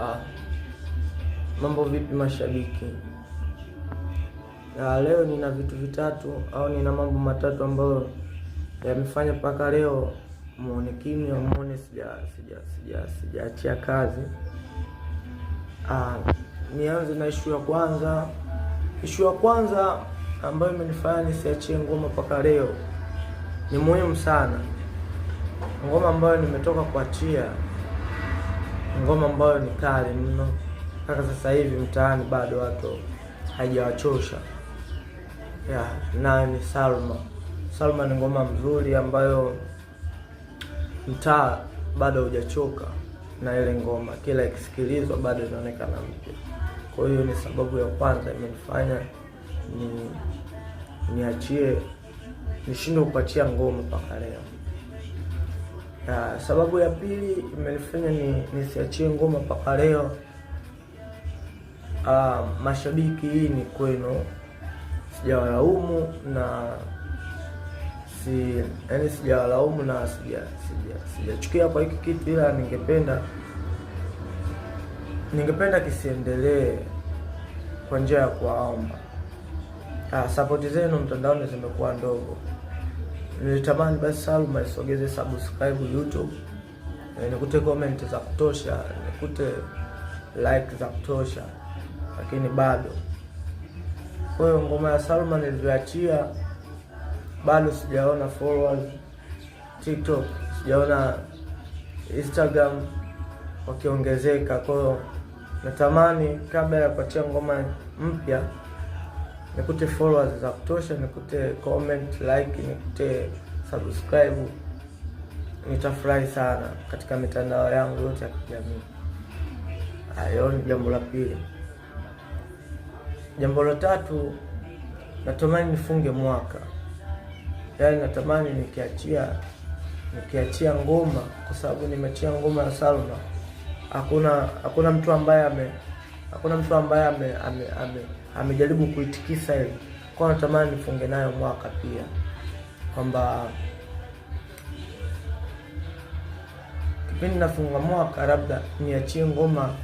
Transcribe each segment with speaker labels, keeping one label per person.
Speaker 1: Ah, mambo vipi mashabiki? Ah, leo nina vitu vitatu au nina mambo matatu ambayo yamefanya mpaka leo muone kimya, muone sija sija sija sijaachia kazi. Ah, nianze na ishu ya kwanza. Ishu ya kwanza ambayo imenifanya nisiachie ngoma mpaka leo ni muhimu sana, ngoma ambayo nimetoka kuachia ngoma ambayo ni kali mno mpaka sasa hivi mtaani bado watu haijawachosha ya nayo ni Salma. Salma ni ngoma mzuri ambayo mtaa bado hujachoka na ile ngoma, kila ikisikilizwa bado inaonekana mpya. Kwa hiyo ni sababu ya kwanza imenifanya ni niachie nishindwe kupatia ngoma mpaka leo na sababu ya pili imenifanya ni nisiachie ngoma mpaka leo. Uh, mashabiki, hii ni kwenu, sijawalaumu na si yani, sijawalaumu na sijachukia kwa hiki kitu, ila ningependa ningependa kisiendelee kwa njia ya kuwaomba. Uh, ah, sapoti zenu mtandaoni zimekuwa ndogo nilitamani basi Salum aisogeze subscribe YouTube, nikute comment za kutosha, nikute like za kutosha, lakini bado. Kwa hiyo ngoma ya Salma nilivyoachia bado sijaona followers TikTok, sijaona Instagram wakiongezeka. Kwa hiyo natamani kabla ya kuachia ngoma mpya nikute followers za kutosha, nikute comment, like, nikute subscribe, nitafurahi sana katika mitandao yangu yote ya kijamii. Hayo ni jambo la pili. Jambo la tatu, natamani nifunge mwaka, yaani natamani nikiachia nikiachia ngoma, kwa sababu nimeachia ngoma ya Salma, hakuna hakuna mtu ambaye ame hakuna mtu ambaye amejaribu ame, ame, ame kuitikisa hivi kwa, natamani nifunge nayo mwaka pia kwamba kipindi nafunga mwaka, labda niachie ngoma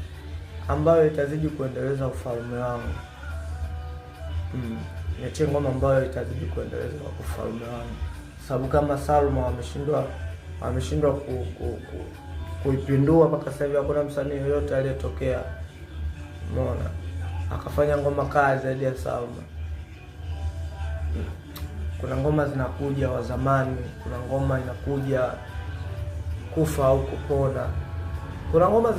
Speaker 1: ambayo itazidi kuendeleza ufalme wangu mm. Niachie ngoma ambayo itazidi kuendeleza ufalme wangu, sababu kama Salma wameshindwa wameshindwa kuipindua ku, ku, ku mpaka sasa hivi hakuna msanii yoyote aliyetokea mona akafanya ngoma kali zaidi ya Salma. Kuna ngoma zinakuja wa zamani, kuna ngoma inakuja kufa au kupona, kuna ngoma